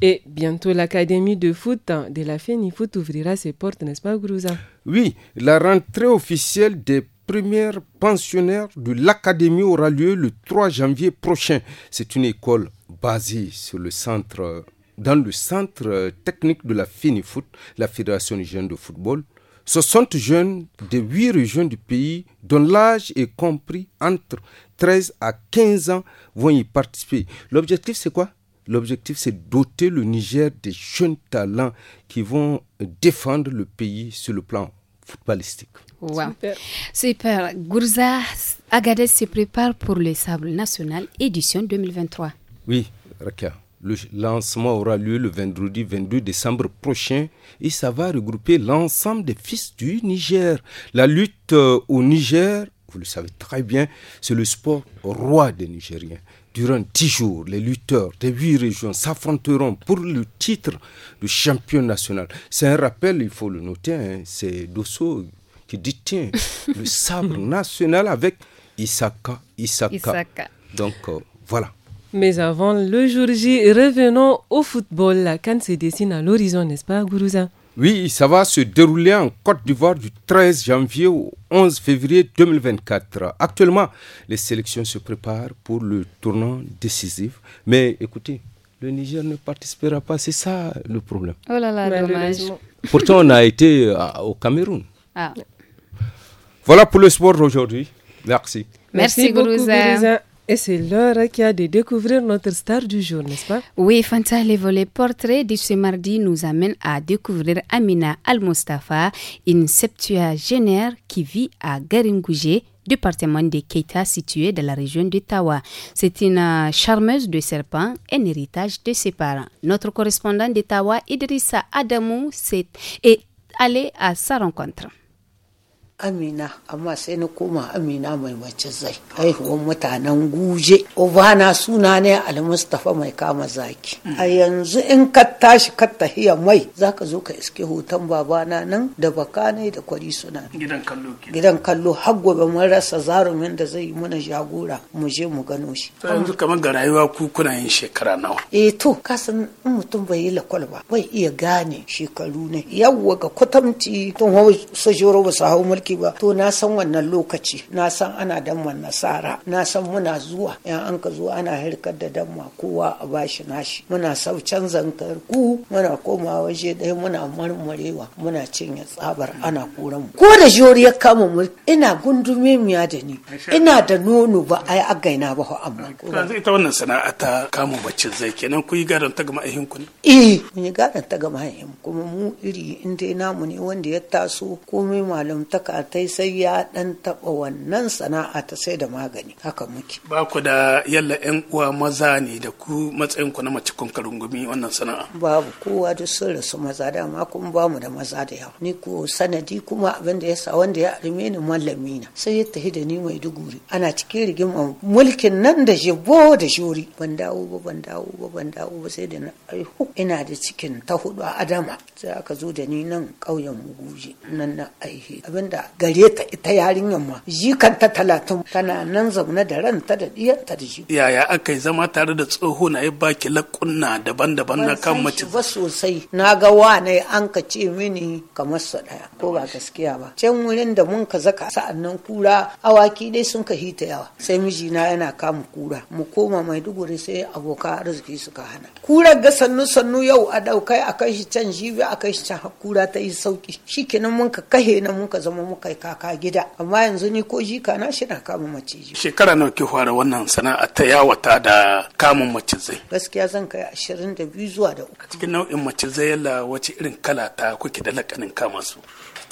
S2: Et bientôt, l'Académie de foot de la Fénifoot ouvrira ses portes, n'est-ce pas, Grouza
S11: Oui, la rentrée officielle des premières pensionnaires de l'Académie aura lieu le 3 janvier prochain. C'est une école basé sur le centre, dans le centre euh, technique de la FINIFOOT, la Fédération des jeunes de football, 60 jeunes de 8 régions du pays, dont l'âge est compris entre 13 à 15 ans, vont y participer. L'objectif, c'est quoi L'objectif, c'est doter le Niger des jeunes talents qui vont défendre le pays sur le plan footballistique.
S1: Super. Super. Gourza Agadez se prépare pour les Sable National édition 2023.
S11: Oui, Rakia. Le lancement aura lieu le vendredi 22 décembre prochain et ça va regrouper l'ensemble des fils du Niger. La lutte euh, au Niger, vous le savez très bien, c'est le sport roi des Nigériens. Durant dix jours, les lutteurs des huit régions s'affronteront pour le titre de champion national. C'est un rappel, il faut le noter, hein. c'est Dosso qui détient le sabre national avec Isaka. Isaka. Donc euh, voilà.
S2: Mais avant le jour J, revenons au football. La Cannes se dessine à l'horizon, n'est-ce pas, Gourouza
S11: Oui, ça va se dérouler en Côte d'Ivoire du 13 janvier au 11 février 2024. Actuellement, les sélections se préparent pour le tournant décisif. Mais écoutez, le Niger ne participera pas, c'est ça le problème.
S1: Oh là là,
S2: dommage.
S11: Pourtant, on a été euh, au Cameroun. Ah. Voilà pour le sport aujourd'hui. Merci.
S2: Merci, Gourouza. Et c'est l'heure qui a de
S1: découvrir notre star du jour, n'est-ce pas Oui, Fanta, les volets portraits de ce mardi nous amène à découvrir Amina Al-Mustafa, une septuagénaire qui vit à Garingouje, département de Keita situé dans la région Tawa. C'est une euh, charmeuse de serpent, un héritage de ses parents. Notre correspondant Tawa, Idrissa Adamou, est allé à sa rencontre.
S9: amina amma sai na koma amina mai mace zai haihuwar mutanen guje obana suna ne almustafa mai kama zaki mm. a yanzu in ka tashi ka tahiya mai zaka zo ka iske hoton babana nan da baka ne da kwari suna gidan kallo gidan kallo har gobe mun rasa zarumin da zai yi mana jagora mu je mu gano shi yanzu
S12: kamar ga rayuwa ku kuna yin shekara nawa
S9: eh to kasan in mutum bai yi lakwal ba bai iya gane shekaru ne yawwa ga kwatamci tun hau sojoro ba su hau mulki ciki ba to na san wannan lokaci na san ana damma nasara na san muna zuwa yan an ka zuwa ana harkar da damma kowa a bashi nashi muna sau canzan karku muna komawa waje ɗaya muna marmarewa muna cinye tsabar ana koran ko da jori ya kama mu ina gundume miya da ni ina da nono ba ai againa ba ho amma
S12: yanzu ita wannan sana'a ta kamun bacci zai kenan ku yi gadon ta ga ma'ahin ku ne
S9: eh mun yi gadon ta ga ma'ahin kuma mu iri inda namu ne wanda ya taso komai malam masallatai sai ya dan taba wannan sana'a ta sai da magani haka muke
S12: ba ku da yalla yan uwa maza ne da ku matsayin ku na mace kun karungumi wannan sana'a
S9: babu kowa da sun rasu maza da ma kun ba mu da maza da yawa ni ko sanadi kuma abin da ya sa wanda ya arme ni mallami na sai ya tafi da ni mai duguri ana cikin rigimar mulkin nan da jebo da shuri ban dawo ba ban dawo ba ban dawo ba sai da na aihu ina da cikin ta hudu a adama sai aka zo da ni nan ƙauyen guji nan na aihe abinda gare ta ita yarinyar ma jikan ta talatin tana nan zaune da ranta da diyanta da shi
S12: yaya aka zama tare da tsoho na ba baki lakunna daban-daban na kan mace ba
S9: sosai na ga wane an ka ce mini kamar su daya ko ba gaskiya ba can wurin da mun ka zaka sa'annan kura awaki dai sun ka hita yawa sai mijina yana kama kura mu koma maiduguri sai aboka arziki suka hana kurar ga sannu sannu yau a daukai a kai shi can jibi a kai shi can kura ta yi sauki shikenan mun ka kahe na mun ka zama mu kai kaka gida amma yanzu ni ko jika na shi na kama maciji
S12: shekara nawa ki fara wannan sana'a ta yawata da kamun macizai
S9: gaskiya zan kai ashirin da biyu zuwa da uku cikin nau'in macizai yalla wace irin
S12: kala ta kuke da lakanin kama su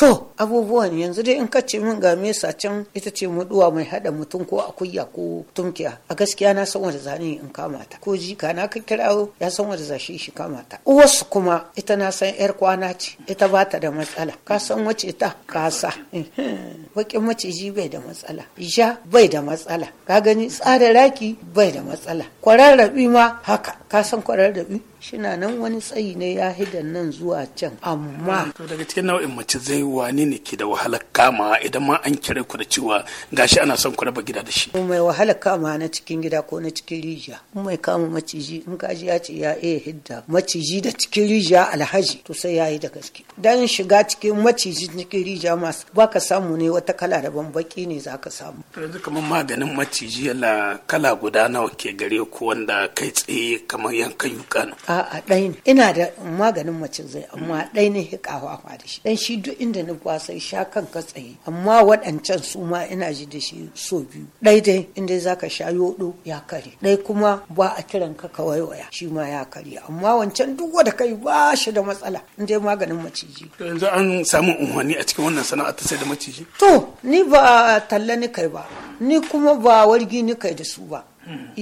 S9: To, abubuwan yanzu dai in ka ce min ga mesa can ita ce muduwa mai haɗa mutum ko akuya ko tumkiya. A gaskiya na san wanda zane in kama ta. Ko jika na ka kirawo ya san wanda zashi shi kama ta. Uwarsu kuma ita na san yar kwana ce. Ita ba ta da matsala. Ka san wace ta kasa. mace ji bai da matsala. Ja bai da matsala. Ka gani tsada raki bai da matsala. Kwararrabi ma haka. Ka san kwararrabi shina nan wani tsayi ne ya hidan nan zuwa can amma
S12: to daga cikin nau'in mace zai wani ne ke da wahalar kama idan ma an kire ku da cewa gashi ana son ku raba gida da shi
S9: mai wahalar kama na cikin gida ko na cikin rijiya mai kama maciji in kaji ya ce ya iya hidda maciji da cikin rijiya alhaji to sai yayi da gaske dan shiga cikin maciji cikin rijiya masu baka samu ne wata kala da baki ne zaka samu
S12: yanzu kamar maganin maciji yalla kala guda nawa ke gare ku wanda kai tsaye kamar yankan yuka
S9: a'a ɗai ne ina da maganin mace zai amma mm. ɗai ne hikawa ma da shi dan shi duk inda na sai sha kan ka tsaye amma waɗancan su ma ina ji da shi so biyu ɗai dai inda ka sha yodo ya kare ɗai kuma ba a kiran ka ka waiwaya shi ma ya kare amma wancan duk wanda kai ba shi da matsala in dai maganin maciji
S12: to yanzu an samu unhwani a cikin wannan sana'a ta sai da maciji
S9: to ni ba talla ni kai ba ni kuma ba wargi ni kai da su ba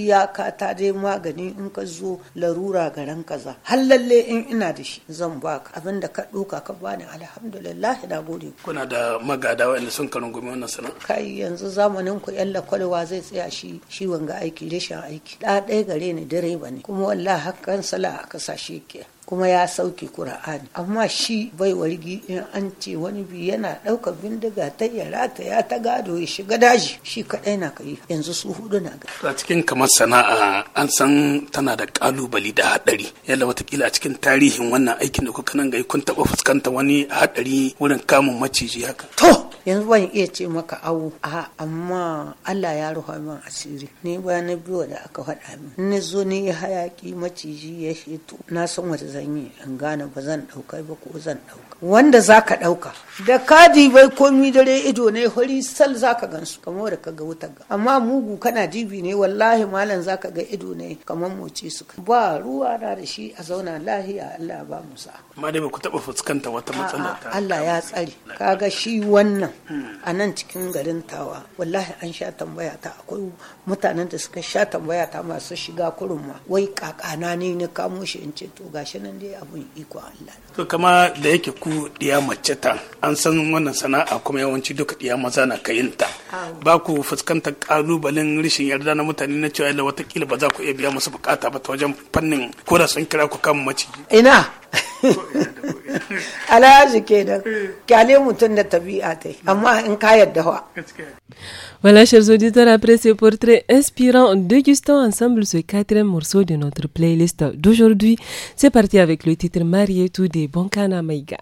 S9: iyaka ta dai magani in ka zo larura garan kaza har lalle in ina da shi zan baka abin da ka ɗoka ka bani alhamdulillah na gode
S12: kuna da magada wanda sun karin gumi wannan sana
S9: kai yanzu zamanin ku yan lakwalwa zai tsaya shi shi wanga aiki rashin aiki da ɗaya gare ni direba ne kuma wallahi hakan sala aka kasashe ke kuma ya sauke kur'ani amma shi bai wargi in an ce wani biyu yana ɗaukar bindiga ta ya rata ya ta gado ya shiga daji shi kaɗai na kai yanzu su hudu na
S12: ga a cikin kamar sana'a an san tana da ƙalubali da haɗari yalla watakila a cikin tarihin wannan aikin da kuka nan ga kun taɓa fuskanta wani haɗari wurin kamun maciji haka
S9: to yanzu ban iya ce maka awu a amma Allah ya ruha min asiri ni ba na biyu da aka faɗa min ni zo ni hayaki maciji ya shito na san wata zan yi in gane ba zan ɗauka ba ko zan ɗauka wanda za ka ɗauka da kadi bai komi dare ido ne hori sal za zaka gansu kamar da ka ga wuta ga amma mugu kana dibi ne wallahi malam za ka ga ido ne kamar moci suka ba ruwa na da shi a zauna lahiya Allah ba musa
S12: amma dai ba ku taɓa fuskanta wata matsala Allah
S9: ya tsare ga shi wannan a nan cikin garin tawa wallahi an sha tambaya ta akwai mutanen da suka sha tambaya ta masu shiga kurin wai kakana ne na kamo shi in ce to gashi nan dai abun iko Allah
S12: to kama da yake ku diya mace ta an san wannan sana'a kuma yawanci duka diya maza na kayin ta ba ku fuskantar kalubalen rashin yarda na mutane na cewa wata kila ba za ku iya biya musu bukata ba ta wajen fannin ko sun kira ku kan maciji
S9: ina
S2: Voilà, chers auditeurs, après ce portrait inspirant, dégustons ensemble ce quatrième morceau de notre playlist d'aujourd'hui. C'est parti avec le titre Marié tout des Bonkana Maïga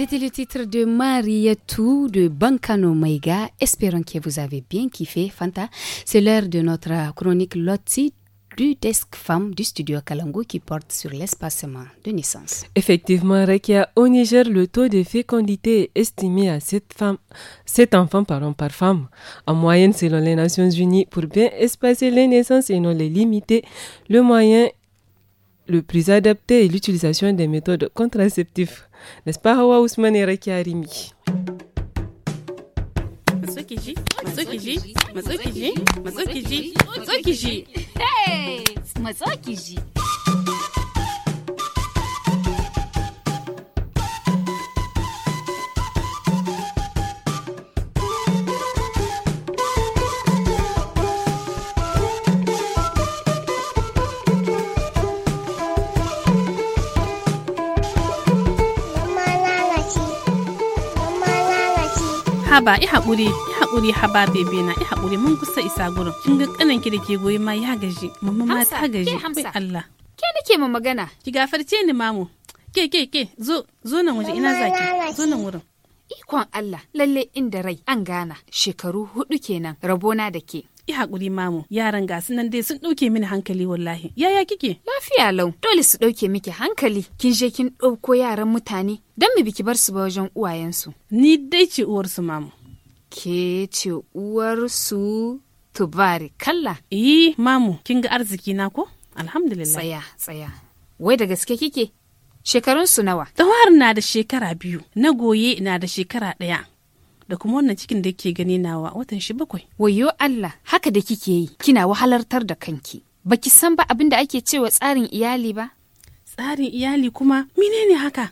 S1: C'était le titre de Marietou de Bankano Maiga. Espérons que vous avez bien kiffé, Fanta. C'est l'heure de notre chronique Lotti du desk femme du studio Kalango qui porte sur l'espacement de naissance.
S2: Effectivement, Rekia, au Niger, le taux de fécondité est estimé à 7, 7 enfants par par femme. En moyenne, selon les Nations Unies, pour bien espacer les naissances et non les limiter, le moyen le plus adapté est l'utilisation des méthodes contraceptives. N'est-ce pas, Hawa Ousmane et Reki Harimi
S1: Masokiji, Masokiji, Masokiji, Masokiji, Masokiji. Hey, Masokiji. haba i haƙuri i haƙuri haba bebe na i haƙuri mun kusa isa gurin kin ga kanan ki da ke goyi ma ya gaji mamma ma ta gaji kai Allah ke nake ma magana ki gafarce ni mamu ke ke ke zo zo nan waje ina zaki zo nan wurin ikon Allah lalle inda rai an gana shekaru hudu kenan rabona da ke yi hakuri mamu yaran ga sunan dai sun ɗauke mini hankali wallahi yaya kike lafiya lau dole su ɗauke miki hankali kin je kin ɗauko yaran mutane don mu biki bar su ba wajen uwayensu ni dai ce su mamu ke ce su tubari kalla yi mamu kin ga arziki na ko alhamdulillah tsaya tsaya wai da gaske kike shekarun su nawa tawar na da shekara biyu na goye na da shekara ɗaya da kuma wannan cikin da ke gani nawa watan shi bakwai. Wayo Allah haka da kike yi kina wahalartar da kanki. Baki san ba abin da ake cewa tsarin iyali ba? Tsarin iyali kuma menene haka?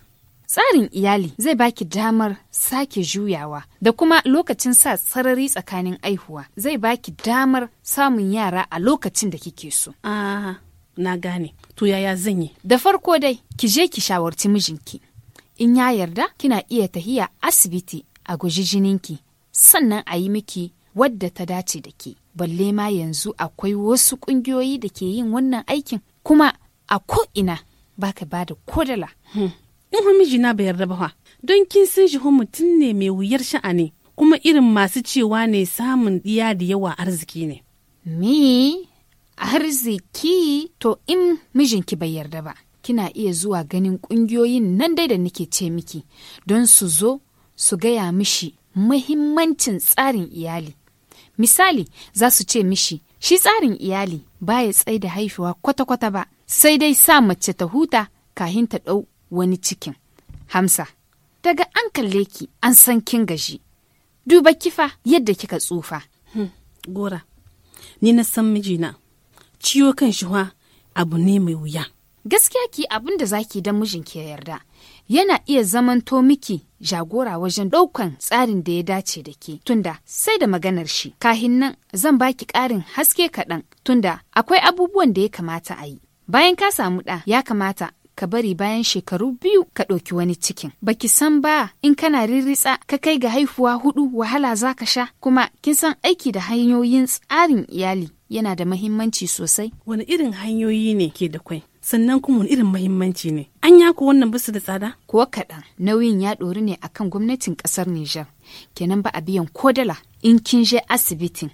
S1: Tsarin iyali zai baki damar sake juyawa da kuma lokacin sa sarari tsakanin aihuwa zai baki damar samun yara a lokacin da kike so. Ah, na gane. To yaya zan yi? Da farko dai, ki je ki shawarci mijinki. in ya yarda kina iya tahiya asibiti a guji jininki sannan a yi miki wadda ta dace da ke balle ma yanzu akwai wasu ƙungiyoyi da ke yin wannan aikin kuma a ko'ina ba ka ba da kodala. Hmm. in wa mijina bai yarda ba don kin san shi mutum ne mai wuyar sha'ani kuma irin masu cewa ne samun ɗiya da yawa arziki ne. Me arziki to in mijinki bai yarda ba kina iya zuwa ganin ƙungiyoyin nan dai da nake ce miki don su zo su gaya mishi mahimmancin tsarin iyali. Misali, za su ce mishi, shi tsarin iyali ba ya tsai da haifuwa kwata-kwata ba, sai dai sa mace ta huta kahin ta ɗau wani cikin. Hamsa, daga an kalle ki an san kin gaji, duba kifa yadda kika tsufa. Hmm, gora, ni na san mijina, ciwo kan shi abu ne mai wuya. Gaskiya ki abin da zaki don mijin ki yarda, yana iya zamanto miki jagora wajen ɗaukan tsarin da ya dace da ke tunda sai da maganar shi kahin nan zan baki ƙarin haske kaɗan tunda akwai abubuwan da ya kamata a yi bayan ka samu ɗa ya kamata ka bari bayan shekaru biyu ka ɗauki wani cikin baki san ba in kana riritsa ka kai ga haihuwa hudu wahala za ka sha kuma kin san aiki da hanyoyin tsarin iyali yana da mahimmanci sosai wani irin hanyoyi ne ke da kwai sannan kuma wani irin mahimmanci ne an ya ku wannan basu da tsada ko kaɗan nauyin ya ɗori ne akan gwamnatin ƙasar Nijar kenan ba a biyan ko dala in kin je asibitin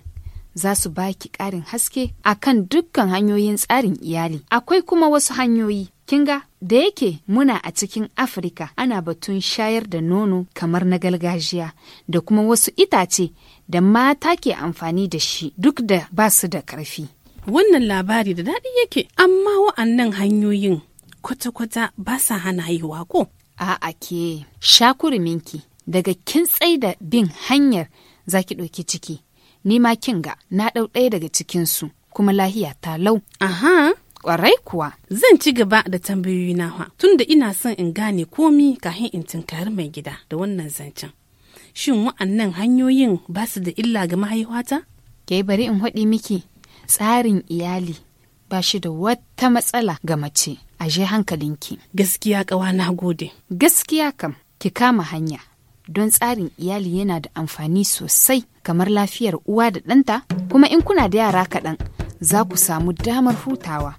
S1: za su baki ƙarin haske akan dukkan hanyoyin tsarin iyali akwai kuma wasu hanyoyi kin ga da yake muna a cikin afirka ana batun shayar da nono kamar na gargajiya da kuma wasu itace da mata ke amfani da shi duk da ba su da ƙarfi wannan labari da daɗi yake amma wa'annan hanyoyin kwata-kwata ba sa hana haihuwa ko a'a ke shakuruminki daga kin da bin hanyar zaki ɗauki ciki ni ma kin ga na ɗau ɗaya daga cikinsu kuma lahiya ta lau aha kwarai kuwa. Zan ci gaba da tambayoyi nawa tunda ina son in gane komi kafin in tunkari mai gida da wannan zancen. Shin wa'annan hanyoyin ba su da illa ga mahaihuwata? Ke bari in haɗi miki tsarin iyali ba shi da wata matsala ga mace a je hankalinki. Gaskiya kawa na gode. Gaskiya kam ki kama hanya don tsarin iyali yana da amfani sosai kamar lafiyar uwa da ɗanta kuma in kuna da yara kaɗan za ku samu damar hutawa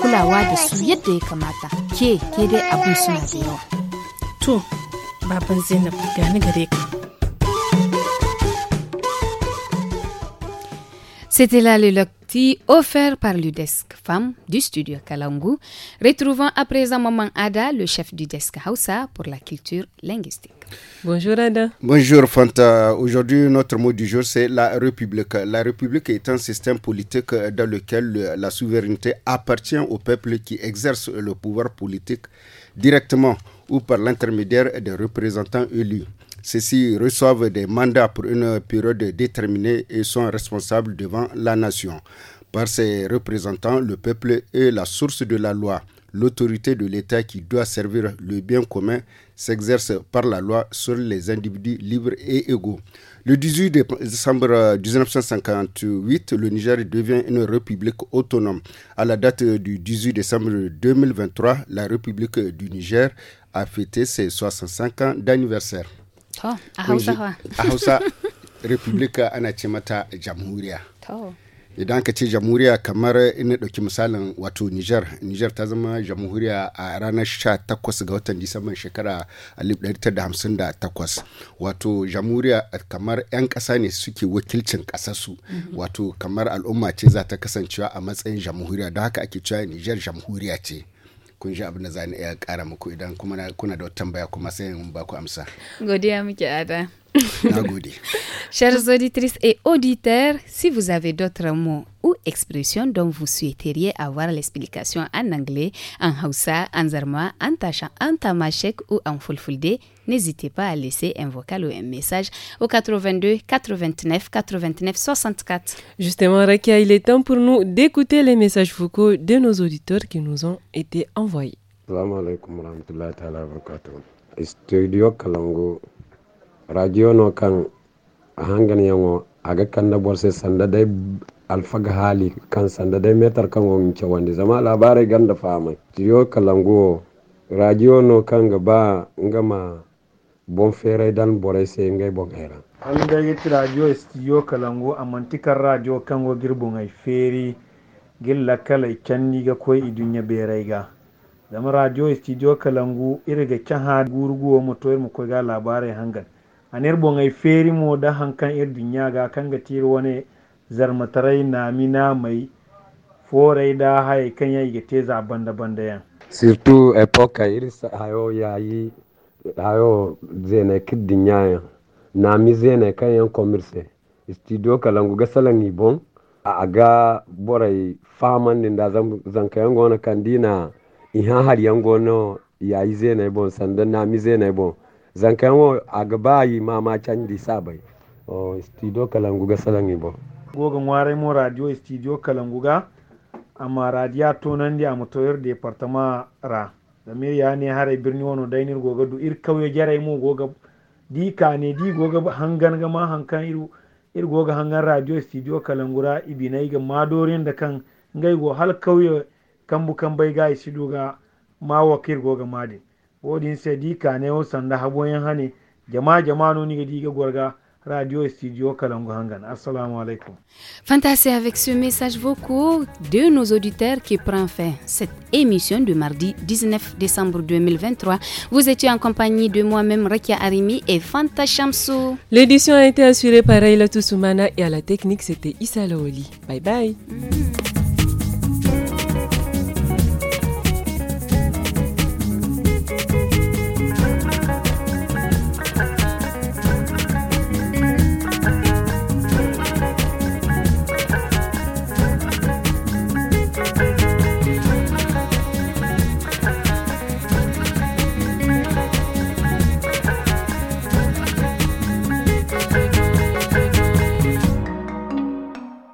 S1: kulawa da su yadda ya kamata ke ke dai abin suna da yawa. To, baban Zainab gani gare ka. C'était là le lokti offert par le desk femme du studio Kalangu. retrouvant à présent Maman Ada, le chef du desk Hausa pour la culture linguistique. Bonjour Ada.
S4: Bonjour Fanta. Aujourd'hui, notre mot du jour, c'est la République. La République est un système politique dans lequel la souveraineté appartient au peuple qui exerce le pouvoir politique directement ou par l'intermédiaire des représentants élus. Ceux-ci reçoivent des mandats pour une période déterminée et sont responsables devant la nation. Par ses représentants, le peuple est la source de la loi. L'autorité de l'État qui doit servir le bien commun s'exerce par la loi sur les individus libres et égaux. Le 18 décembre 1958, le Niger devient une république autonome. À la date du 18 décembre 2023, la République du Niger a fêté ses 65 ans d'anniversaire.
S1: a Hausa
S4: A Republika ana ce mata jamhuriya. Idan ka ce jamhuriya kamar ina dauki misalin wato Nijar, Nijar ta zama jamhuriya a ranar 18 ga watan Disamban shekara 1958. Wato jamhuriya kamar 'yan ƙasa ne suke wakilcin ƙasarsu. Mhm. Wato kamar al'umma ce za ta kasancewa a matsayin jamhuriya, don haka ake cewa Nijar jamhuriya ce. kun ji abin da za ni iya kara muku idan kuna da wata tambaya kuma sai in ba ku amsa
S1: godiya muke ada Chers auditrices et auditeurs, si vous avez d'autres mots ou expressions dont vous souhaiteriez avoir l'explication en anglais, en Hausa, en Zarma, en Tacha, en Tamashek ou en Fulfulde, n'hésitez pas à laisser un vocal ou un message au 82 89 89 64.
S2: Justement, Rakia, il est temps pour nous d'écouter les messages vocaux de nos auditeurs qui nous ont été envoyés.
S11: Studio Kalango radio no kan hangan yango aga kanda borse sanda dai alfaga hali kan sanda dai metar kan wani ce wanda zama labarai ganda fama jiyo kalango radio no kan gaba ngama bon ferai dan borai sai ngai bon era
S13: an da yiti radio studio kalango amantikar radio kango girbin ai feri gilla kala canni ga koi idunya berai ga zama radio studio kalangu irga kan ha gurguwa mutoyar mu koi ga labarai hangan a mai feri-mo da hankan ir kan ga tiro wani zarmatarai na mina mai forai da haye kan yayi ga zaban da banda yan
S11: surtout époque ir hayo yayi hayo zene kid dunyaya na mi zene kan yan commerce studio kalangu gasalan bon a ga borai faman din da zankayan gona kan dina ihan har yan gono yayi zene bon sandan na mi zene bon a gaba yi mama can di sabai o studio kalanguga salangi bo
S13: gogan ware mo radio studio kalanguga amma radio tonan di amutoyar departement ra da me ya ne hare birni wono dainir goga du ir kauye jarai mo goga di ka ne di goga hangan ga ma hankan iru ir goga hangan radio studio kalangura ibinai ga madorin da kan ngai go hal kauye kambu kan bai ga shi duga ma wakir goga madin wodin radio Assalamu
S1: Fantastique avec ce message vocaux de nos auditeurs qui prend fin cette émission de mardi 19 décembre 2023. Vous étiez en compagnie de moi-même Rekia Arimi et Fanta
S2: L'édition a été assurée par Ayla Toussoumana et à la technique c'était Issa Laoli. Bye bye. Mm.